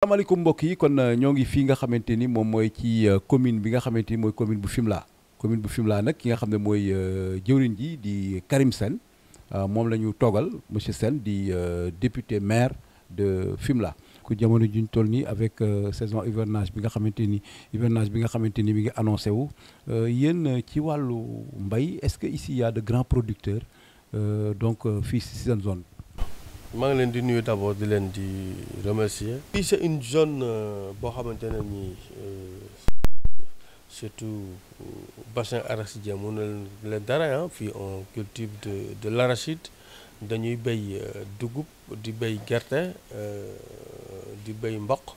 asalaamaaleykum mbokk yi kon euh, ñoo ngi fii nga xamanteni mom moy ci euh, commune bi nga xamanteni moy commune bu Fimla commune bu Fimla nak ki nga xamne moy mooy euh, ji di Karim Sen mom lañu togal monsieur Sen, di député maire de Fimla ku jamono juñ tolni avec saison hivernage bi nga xamanteni hivernage bi nga xamanteni mi ngi annoncé wu yeen ci walu mbay est-ce que ici il y a de grands producteurs donc fils, saison. zone maa ngi leen di nuyu d'abord di leen di remercier. fii c'est une zone euh, boo xamante ne nii euh, surtout bassin arachidien mun na leen dara ah fii on cultive de de l'arachide dañuy bay euh, dugub di bay gerte di béy mboq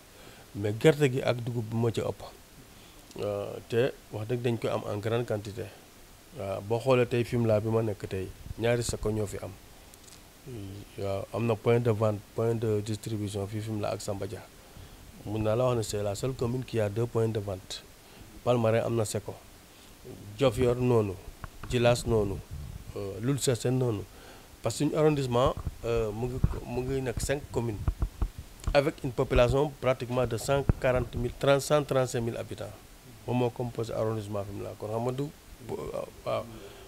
mais gerte gi ak dugub bu ma ci ëpp te wax dëgg dañ koy am en grande quantité waaw boo xoolee tey Fimela bi ma nekk tey ñaari sako ñoo fi am. y a un point de vente point de distribution Fifim Sambadia. la c'est la seule commune qui a deux points de vente Palmarin am na Seko Diofior non. Djilas non. Euh, Loul non parce que l'arrondissement, arrondissement y euh, a cinq communes avec une population pratiquement de cent 000, mille trente cent habitants arrondissement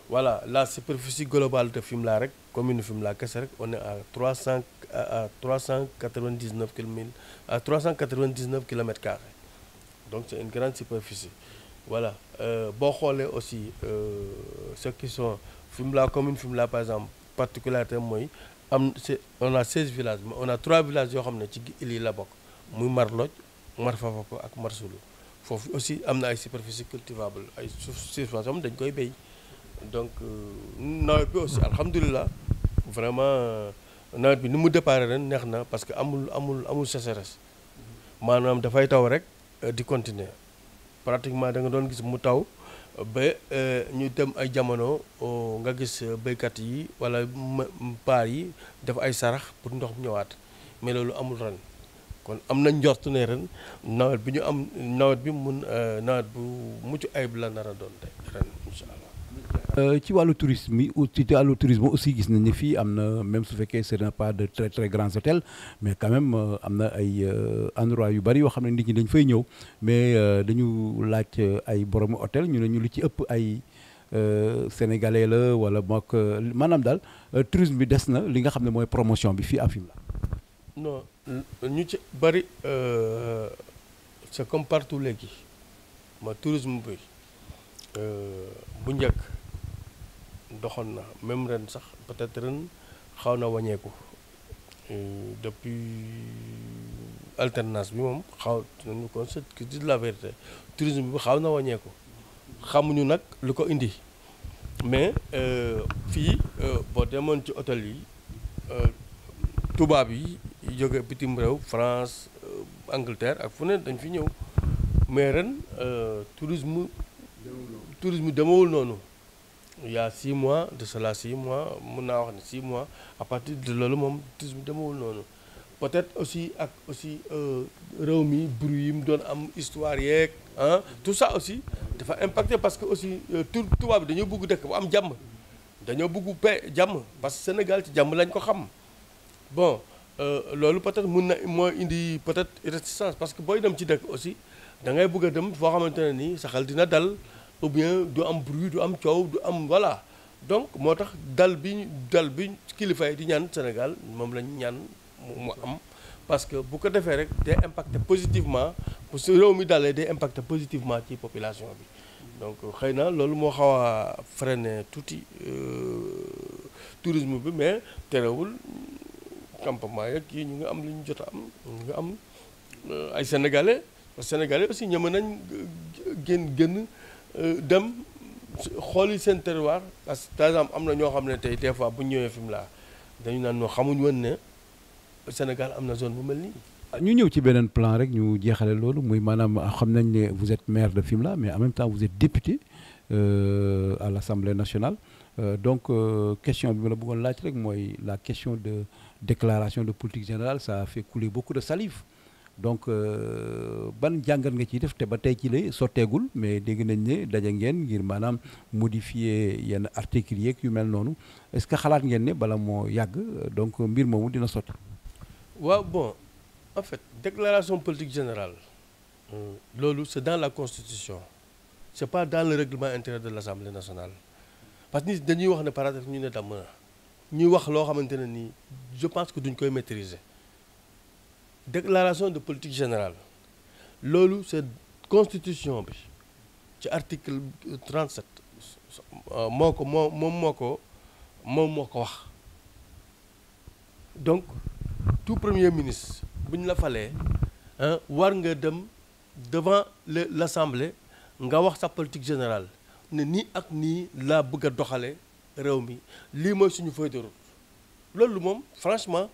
voilà la superficie globale de Fimla, rek commune Fimla, on est à trois cent à à 399 km donc c'est une grande superficie voilà euh, on a aussi euh, ceux qui sont Fimla, commune Fimla par exemple particulièrement, on a 16 villages mais on a trois villages qui sont là-bas. île yi Marlotte, bokk et Mar Il faut aussi avoir une superficie cultivable ay am dañ koy donc euh, nawet bi aussi alhamdulilah vraiment nawet bi ni mu déparé ren neex na parce que amul amul amul sécheresse da fay taw rek euh, di continuer pratiquement da nga don gis mu taw ba euh, ñu dem ay jamono nga gis béykat yi wala paar yi def ay sarax pour ndox ñëwaat mais lolu amul ren kon am na ne ren nawet bi ñu am nawet bi mun nawet bu muccu ayib la nara don doon ren Euh, ci walu tourisme ou ci wàllu tourisme aussi gis nañ ni fii am même su fekkee ce n'est pas de très très grands hôtels mais quand même euh, amna ay euh, endroit yu bari yo xamné nit ñi dañ fay ñëw mais dañu laaj ay borom hôtel ñu ne ñu lu ci ëpp ay sénégalais la wala mook maanaam daal tourisme bi des na li nga xamné moy promotion bi fi afim la non ñu ci bari c'est comme partout légui ma tourisme bi bu njëkk doxoon na même ren sax peut-être ren xaw na wàññeeku depuis alternance bi moom xaw ko di la vérité tourisme bi xaw na wàññeeku xamuñu nag lu ko indi mais euh, fii euh, boo demoon ci hôtel yi euh, tubaab yi jóge bitim réew France Angleterre ak fu ne dañ fi ñëw mais ren tourisme tourisme demewul noonu il y a 6 mois de cela 6 mois mun wax ne mois à partir de peut être aussi aussi mi bruit yi am histoire yeeg tout ça aussi dafa impacter parce que aussi tout tubaab bi bëgg dëkk bu am jàmm dañoo bëgg paix jàmm parce que Sénégal ci jàmm lañ ko xam bon peut être na indi peut être résistance parce que booy dem ci dëkk aussi da ngay bëgg dem dina ou bien du am bruit du am coow du am voilà donc moo tax dal bi dal bi kilifa yi di ñaan Sénégal moom lañ ñaan mu am parce que bu ko defee rek day impacter positivement bu su réew mi dalee day impacter positivement ci population bi donc xëy na loolu moo xaw a freiner tuuti euh, tourisme bi mais terewul campement yeeg kii ñu ngi am lu ñu jot a am ñu ngi am euh, ay sénégalais parce que sénégalais aussi ñeme nañ génn génn. dem xooli sen terroir parce que tazam amna ño xamné tay xam des fois bu ñëwé fim la dañu naan ñoo xamuñ woon ne Sénégal amna zone bu melni ah, ñu ñëw ci benen plan rek ñu jéxalé lolu muy manam ah, xamnañ né vous êtes maire de fim la mais en même temps vous êtes député euh, à l'Assemblée nationale euh, donc euh, question bi ma la bëggoon laaj rek moy la question de déclaration de politique générale ça a fait couler beaucoup de salive donc euh, ban jangal nga ci def te ba tay ci lay mais dégg nañ ne daje ngeen ngir manam modifier yenn articles yek yu mel noonu est-ce que xalaat ngén né bala mo yag donc mbir moomu dina sotti. Wa bon en fait déclaration politique générale euh, lolu c'est dans la constitution c'est pas dans le règlement intérieur de l'Assemblée nationale parce que dañuy wax ne paragraphe ñu né dama na ñuy wax lo xamanténi je pense que duñ koy maîtriser déclaration de politique générale Lolo, c'est constitution bi article 37 euh, Moko, ko moko, moom donc tout premier ministre il fallait la fallait, hein, war nga devant l'Assemblée, l' sa politique générale ne ni ak ni la bëgg C'est ce que nous lii suñu ce de route Lolo, franchement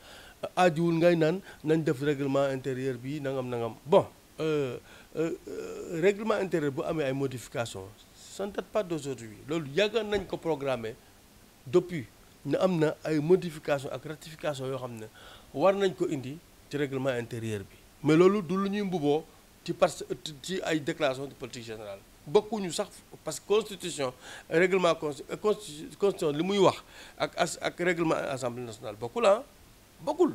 aajuwul ngay naan nañ def réglement intérieur bi nangam nangam bon euh, euh, euh, règlement intérieur bu amee ay modification ça ne date pas loolu yàgg nañ ko programmer depuis ne am na ay modification ak ratification yoo xam ne war nañ ko indi ci réglement intérieur bi mais loolu du lu ñuy mbuboo ci parce ci ay déclaration de politique générale bokkuñu sax parce que constitution règlement constitution li muy wax ak ak règlement assemblée nationale bokkul ah. bokkul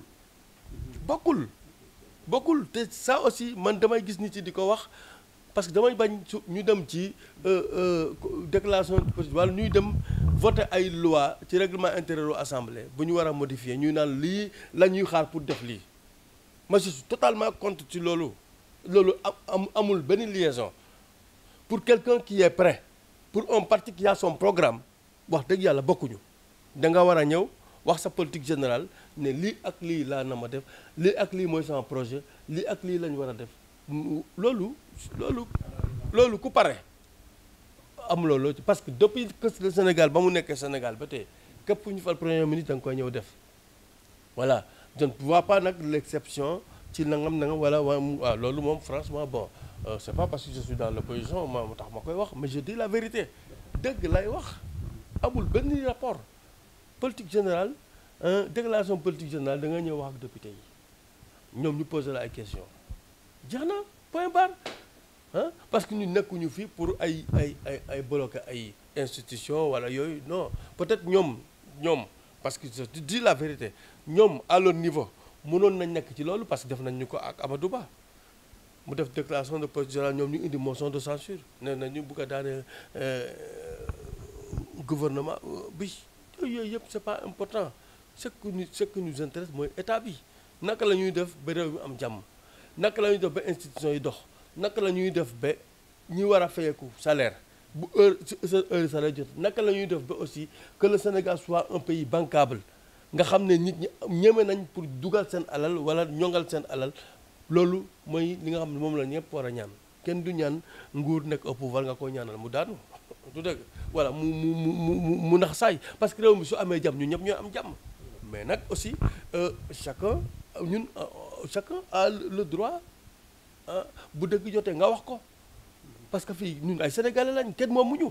bokkul bokkul te ça aussi man damay gis nit yi di ko wax parce que damay bañ su ñu dem ci euh, euh, déclaration wala ñuy dem voté ay loi ci réglement intérieur u bu ñu war a modifier ñuy naan lii la ñuy xaar pour def lii ma je suis totalement contre ci loolu loolu am amul benn liaison pour quelqu'un qui est prêt pour un parti programme wax dëgg yàlla bokkuñu da nga war a ñëw wax sa politique générale ne li ak li la na ma def li ak lii mooy sama projet li ak lii lañ war a def lolo, lolo, lolo, ku pare am lolo parce que depuis que le Sénégal ba mu nekkee Sénégal ba tey képp ku ñu fal premier ministre da nga koy ñëw def voilà je ne vois pas nag l'exception ci nangam nangam wala Lolo, loolu France, franchement bon euh, c'est pas parce que je suis dans l'opposition ma tax ma wax mais je dis la vérité dëgg lay wax amul benn rapport politique générale hein, déclaration politique générale da nga ñëw député nous nous la question Diana, point barre hein, parce que nous ne sommes pour ay pour bloquer institutions. non peut-être nous, nous, parce que je dis la vérité nous, à leur niveau Nous nañ parce que nous sommes à Nous Nous déclaration de politique générale nous ñu une motion de censure nous avons bugg dans euh, gouvernement euh, yooyu yëpp c'est pas important ce que nous ce que nous intéresse mooy état bi naka la ñuy def ba réew mi am jàmm naka la ñuy def ba institution yi dox naka la def ba ñi war a salaire bu heure sa salaire jot naka la def ba aussi que le Sénégal soit un pays bancable nga xam ne nit ñi ñeme nañ pour dugal sen alal wala ñongal sen alal loolu mooy li nga xam ne moom la ñëpp war a ñaan kenn du ñaan nguur nekk au nga ko ñaanal mu daanu. du dëgg voilà mu mu mu mu mu nax saay parce que réew mi su amee jam ñun ñëpp ñoo am jàmm mais nag aussi euh, chacun ñun euh, chacun à le droit bu dëgg jotee nga wax ko parce que fii ñun ay sénégalais lañ kenn ñu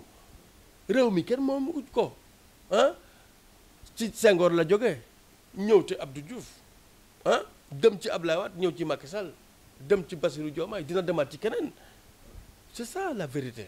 réew mi kenn moomu ko ah ci Senghor la jógee ñëw ci Abdou Diouf ah dem ci Ablaye Wade ñëw ci Macky Sall dem ci Bassirou Diomaye dina demaat ci keneen c'est ça la vérité.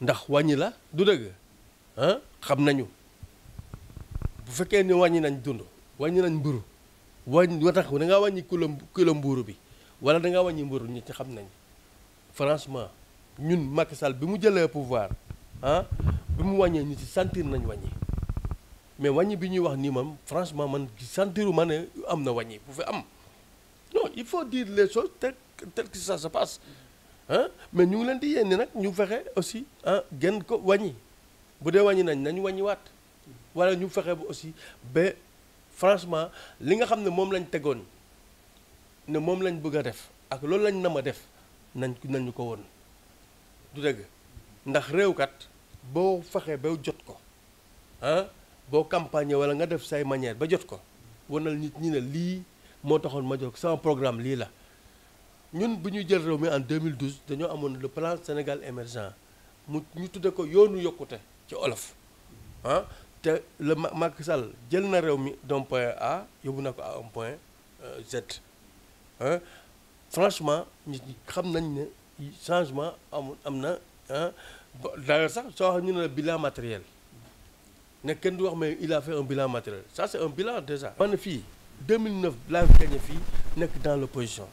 ndax wàññi la du dëgg ah xam nañu bu fekkee ni wàññi nañ dund wàññi nañ mburu wàññi wa tax da ngaa wàññi kilo kilo mburu bi wala da ngaa wàññi mburu ñi ci xam nañ franchement ñun Macky Sall bi mu jëlee pouvoir ah bi mu wàññee ñu ci sentir nañ wàññi mais wàññi bi ñuy wax nii moom franchement man ci sentiru ma ne am na wàññi bu fi am non il faut dire les choses telles que ça se passe ah mais ñu ngi leen di yéene nag ñu fexe aussi ah gën ko wañi bu dee wàññi nañ nañu wàññiwaat walla ñu fexe ba aussi ba franchement li nga xam ne moom lañ tegoon ne moom lañ bëgg a def ak loolu lañ nama def nañ nañu ko woon du dëgg ndax réew kat boo fexe ba jot ko ah boo campagne wala nga def say manière ba jot ko wanal nit ñi ne lii moo taxoon ma jot sama programme lii la ñun bu jël réew en 2012 dañoo amoon le plan Sénégal émergent mu ñu tudde ko yoonu yokkute ci olof ah te le Macky Sall jël na réew mi d'un point A yóbbu ko à un point euh, Z ah franchement ñi xam nañ ne changement am am na ah d'ailleurs sax soo wax ñu bilan matériel ne kenn du wax mais il a fait un bilan matériel ça c'est un bilan déjà man fii 2009 laa gagné fii nekk dans l'opposition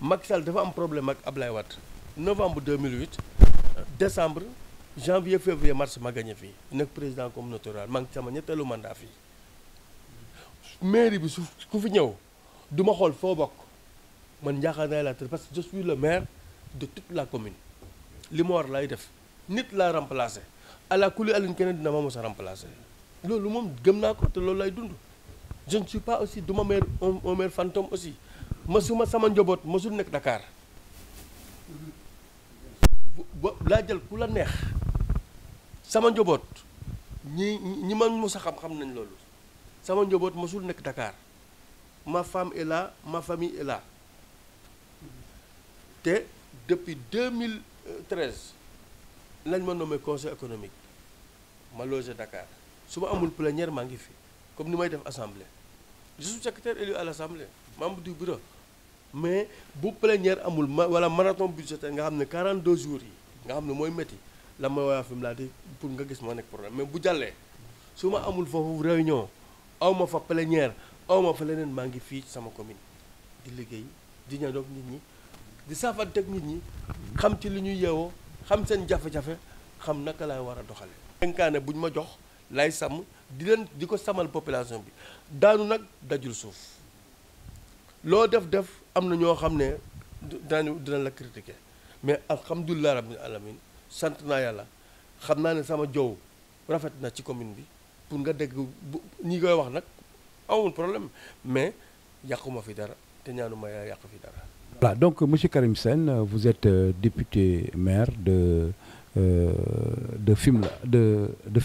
Macky Sall dafa am problème ak Ablaye Wade novembre 2008 décembre janvier février mars ma gagné fii nekk président communauté mang maa ngi sama ñetteelu mandat fi mairie bi su ku fi ñew duma xol fo bok man njaaxaan naa la parce que je suis le maire de toute la commune li ma lay def nit la remplacer ala kuli aline keneen dina ma mos remplacer loolu mom gemna ko te loolu lay dund je ne suis pas aussi duma maire un maire fantôme aussi masuma sama njobot masul nek Dakar laa jël kula neex sama njobot ñi ñi ma mës a xam xam nañ lolu sama njobot masul nek Dakar ma femme est là ma famille est là te depuis 2013 lañ ma nommé conseil économique ma logé Dakar su amul plénière ma ngi fi comme ni may def assemblée je suis secrétaire élu à l'assemblée membre du bureau mais bu plénière amul ma wala marathon budgétaire nga xam ne 42 jours yi nga xam ne mooy métti la ma waa fim laa di pour nga gis moo nekk problème mais bu jàllee su ma amul foofu réunion aw ma fa plénière aw ma fa leneen maa ngi fii sama commune di liggéey di ñaandoog nit ñi di saafanteeg nit ñi xam ci li ñuy yeewoo xam seen jafe-jafe xam naka laay war a doxale dénkaane bu ñu ma jox lay sàmm di leen di ko samal population bi daanu nag dajul suuf loo def def donc monsieur Karim vous êtes euh, député maire de euh, de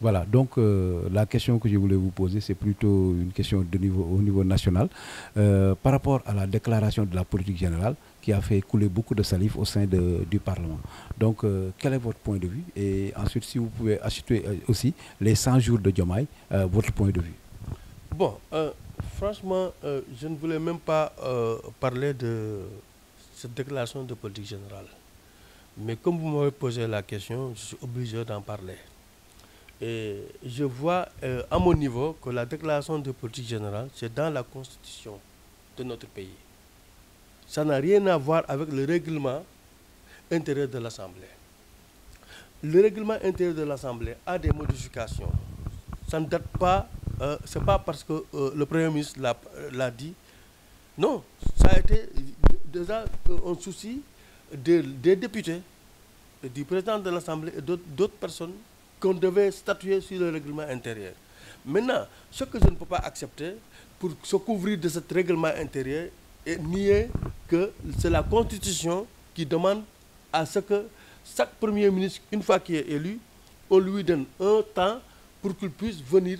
voilà, donc euh, la question que je voulais vous poser, c'est plutôt une question de au niveau national. Euh, par rapport à la déclaration de la politique générale qui a fait couler beaucoup de salive au sein du Parlement. Donc, euh, quel est votre point de vue Et ensuite, si vous pouvez acheter aussi les 100 jours de Diomaye, votre point de vue Bon, franchement, je ne voulais même pas parler de cette déclaration de politique générale. Mais comme vous m'avez posé la question, je suis obligé d'en parler. Et je vois euh, à mon niveau que la déclaration de politique générale, c'est dans la constitution de notre pays. Ça n'a rien à voir avec le règlement intérieur de l'Assemblée. Le règlement intérieur de l'Assemblée a des modifications. Ça ne date pas, euh, c'est pas parce que euh, le Premier ministre l'a dit. Non, ça a été déjà un souci des députés, du président de l'Assemblée et d'autres personnes qu'on devait statuer sur le règlement intérieur. Maintenant, ce que je ne peux pas accepter pour se couvrir de ce règlement intérieur et nier que c'est la Constitution qui demande à ce que chaque Premier ministre, une fois qu'il est élu, on lui donne un temps pour qu'il puisse venir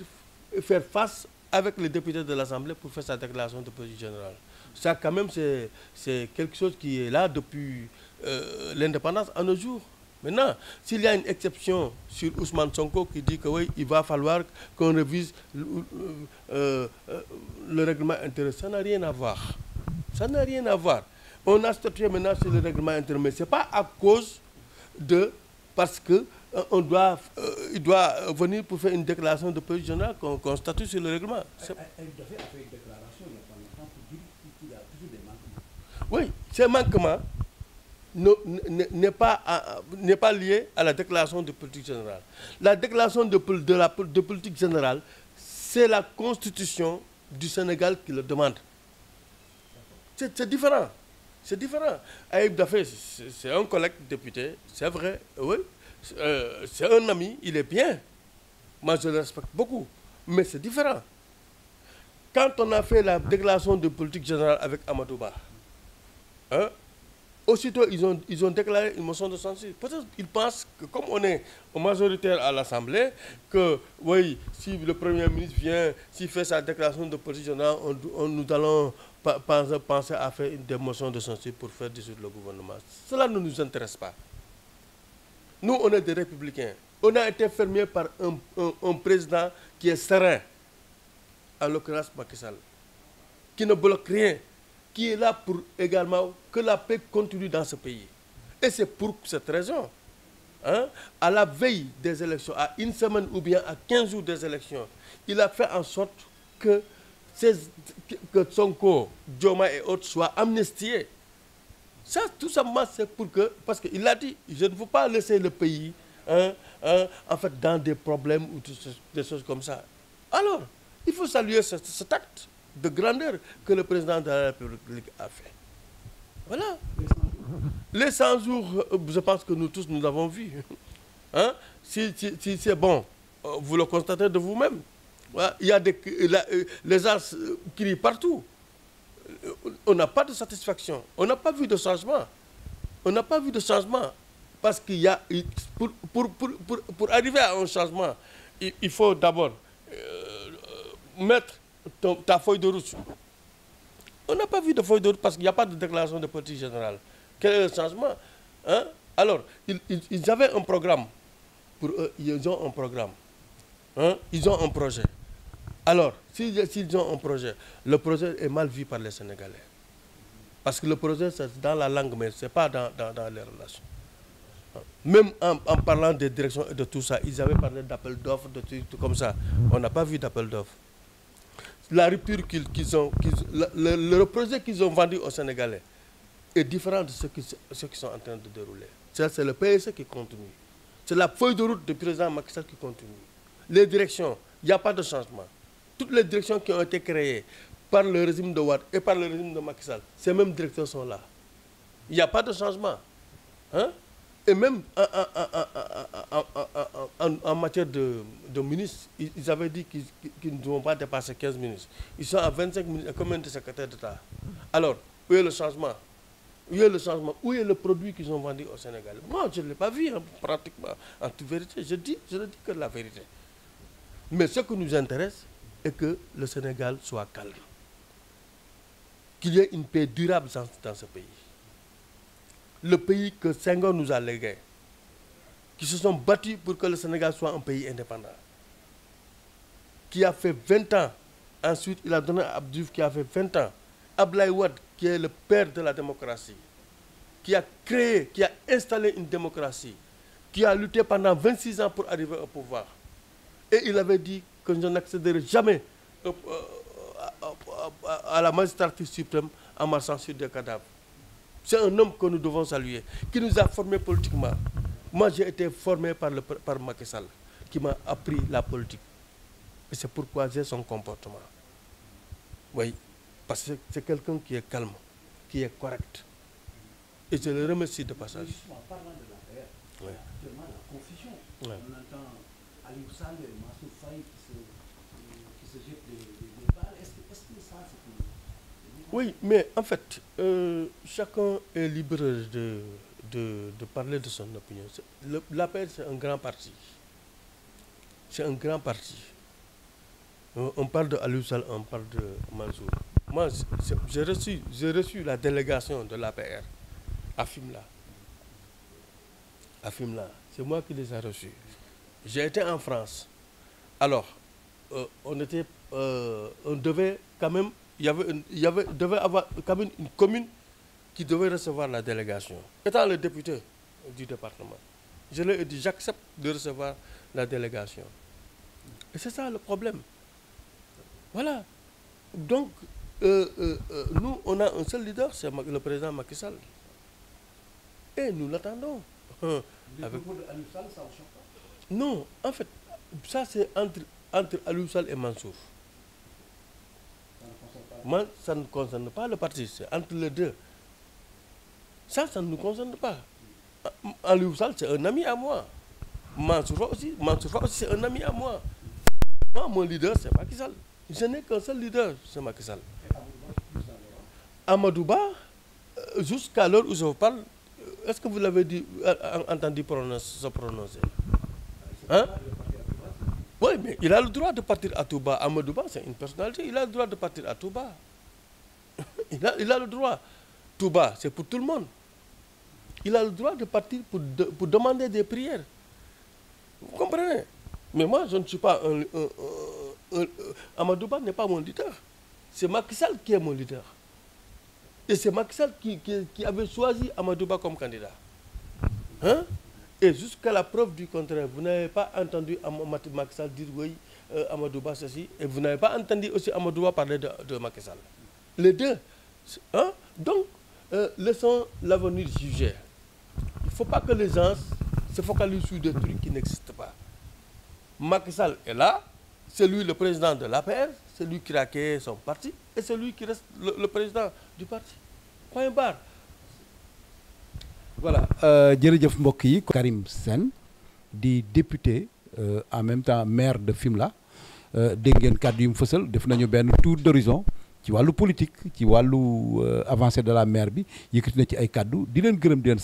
faire face avec les députés de l'Assemblée pour faire sa déclaration de politique générale. Ça, quand même, c'est quelque chose qui est là depuis euh, l'indépendance à nos jours. Maintenant, s'il y a une exception sur Ousmane Sonko qui dit que il va falloir qu'on révise euh, euh, le règlement intérieur, ça n'a rien à voir. Ça n'a rien à voir. On a statué maintenant sur le règlement intérieur, mais ce n'est pas à cause de... parce que euh, on doit, il doit venir pour faire une déclaration de police générale qu'on statue sur le règlement. doit faire une déclaration, pour dire qu'il a toujours des manquements. Oui, ces manquements n'est pas, pas lié à la déclaration de politique générale. La déclaration de, de, la, de politique générale, c'est la constitution du Sénégal qui le demande. C'est différent. C'est différent. Aïb Dafé, c'est un collègue député, c'est vrai, oui. Euh, c'est un ami, il est bien. Moi, je le respecte beaucoup. Mais c'est différent. Quand on a fait la déclaration de politique générale avec Amadouba, hein, Aussitôt, ils ont, ils ont déclaré une motion de censure. Peut-être pensent que, comme on est majoritaire à l'Assemblée, que, oui, si le Premier ministre vient, s'il fait sa déclaration de positionnement, on, nous allons penser à faire une motion de censure pour faire dissoudre le gouvernement. Cela ne nous intéresse pas. Nous, on est des républicains. On a été fermés par un, président qui est serein, à l'occurrence Macky Sall, qui ne bloque rien qui est là pour également que la paix continue dans ce pays. Et c'est pour cette raison, hein, à la veille des élections, à une semaine ou bien à 15 jours des élections, il a fait en sorte que, Tsonko, que Djoma et autres soient amnistiés. Ça, tout simplement, c'est pour que... Parce qu'il a dit, je ne veux pas laisser le pays hein, hein, en fait, dans des problèmes ou des choses comme ça. Alors, il faut saluer cet acte de grandeur que le président de la République a fait. Voilà. Les 100 jours, je pense que nous tous, nous avons vu. Hein? Si, c'est bon, euh, vous le constatez de vous-même. Il y a des, euh, euh, les arts crient partout. On n'a pas de satisfaction. On n'a pas vu de changement. On n'a pas vu de changement. Parce qu'il y a... Pour, arriver à un changement, il, faut d'abord mettre ta feuille de route. On n'a pas vu de feuille de route parce qu'il n'y a pas de déclaration de politique générale. Quel est le changement hein? Alors, ils, avaient un programme. Pour ils ont un programme. Hein? Ils ont un projet. Alors, s'ils ont un projet, le projet est mal vu par les Sénégalais. Parce que le projet, c'est dans la langue, mais ce n'est pas dans, les relations. Même en, parlant des directions et de tout ça, ils avaient parlé d'appel d'offres, de tout, comme ça. On n'a pas vu d'appel d'offres la rupture qu'ils ont, le, projet qu'ils ont vendu aux Sénégalais est différent de ce qui, ceux qui sont en train de dérouler. C'est le PSC e qui continue. C'est la feuille de route du président Macky Sall qui continue. Les directions, il n'y a pas de changement. Toutes les directions qui ont été créées par le régime de Ouad et par le régime de Macky Sall, ces mêmes directions sont là. Il n'y a pas de changement. Hein? Et même en, matière de, ministre, ministres, ils, avaient dit qu'ils ne devaient pas dépasser 15 ministres. Ils sont à 25 ministres et combien de secrétaires d'État Alors, où est le changement Où est le changement Où est le produit qu'ils ont vendu au Sénégal Moi, je ne l'ai pas vu pratiquement. En toute vérité, je, je ne dis que la vérité. Mais ce qui nous intéresse est que le Sénégal soit calme. Qu'il y ait une paix durable dans ce pays le pays que Senghor nous a légué, qui se sont battus pour que le Sénégal soit un pays indépendant, qui a fait 20 ans, ensuite il a donné à Abdouf qui a fait 20 ans, à qui est le père de la démocratie, qui a créé, qui a installé une démocratie, qui a lutté pendant 26 ans pour arriver au pouvoir. Et il avait dit que je n'accéderai jamais euh, euh, à la magistrature suprême en marchant sur des cadavres. C'est un homme que nous devons saluer, qui nous a formés politiquement. Moi, j'ai été formé par, le, par qui m'a appris la politique. Et c'est pourquoi j'ai son comportement. Oui, parce que c'est quelqu'un qui est calme, qui est correct. Et je le remercie de passage. Justement, en parlant de actuellement, la confusion. On entend Ali et qui se jettent des oui, mais en fait, euh, chacun est libre de, de, parler de son opinion. L'APR, c'est un grand parti. C'est un grand parti. Euh, on parle de Alusal, on parle de Mansour. Moi, j'ai reçu, la délégation de l'APR à Fimla. À Fimla. C'est moi qui les ai reçus. J'ai été en France. Alors, euh, on, était, on devait quand même il y avait, y avait, devait avoir quand une commune qui devait recevoir la délégation. Étant le député du département, je lui ai dit j'accepte de recevoir la délégation. Et c'est ça le problème. Voilà. Donc, euh, euh, euh, nous, on a un seul leader, c'est le président Macky Sall. Et nous l'attendons. Hein. Avec... Non, en fait, ça c'est entre, entre et Mansour. Moi, ça ne concerne pas le parti, c'est entre les deux. Ça, ça ne nous concerne pas. Ah, Aliou Sall, c'est un ami à moi. Mansour aussi, Mansour aussi, c'est un ami à moi. Moi, mon leader, c'est Macky Sall. Je n'ai qu'un seul leader, c'est Macky Sall. Amadouba, euh, jusqu'à l'heure où je vous parle, euh, est-ce que vous l'avez euh, entendu prononcer, se prononcer hein? Oui, mais il a le droit de partir à Touba. Amadouba, c'est une personnalité. Il a le droit de partir à Touba. il, a, il a le droit. Touba, c'est pour tout le monde. Il a le droit de partir pour, pour demander des prières. Vous comprenez Mais moi, je ne suis pas un... Amadouba n'est pas mon leader. C'est Macky qui est mon leader. Et c'est Macky qui, qui avait choisi Amadouba comme candidat. Hein et jusqu'à la preuve du contraire, vous n'avez pas entendu Macky Sall dire oui, euh, Amadouba ceci, et vous n'avez pas entendu aussi Amadouba parler de, de Macky Les deux. Hein? Donc, euh, laissons l'avenir juger. Il ne faut pas que les gens se focalisent sur des trucs qui n'existent pas. Macky Sall est là, c'est lui le président de l'APR, c'est lui qui a créé son parti, et c'est lui qui reste le, président du parti. Point barre voilà euh, jërëjëf mbokk yi. Karim Sen, di député euh, en même temps maire de Fimla, euh, dengen Kadim kàddu yu mu fësal def nañu tour d'horizon ci wàllu politique ci wàllu avancée de la maire bi yëkkati na ci ay kàddu di leen gërëm di leen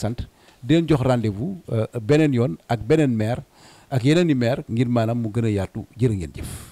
di leen jox rendez-vous Benen yoon ak Benen maire ak yeneen i maire ngir maanaam mu gën a yaatu jërë jëf.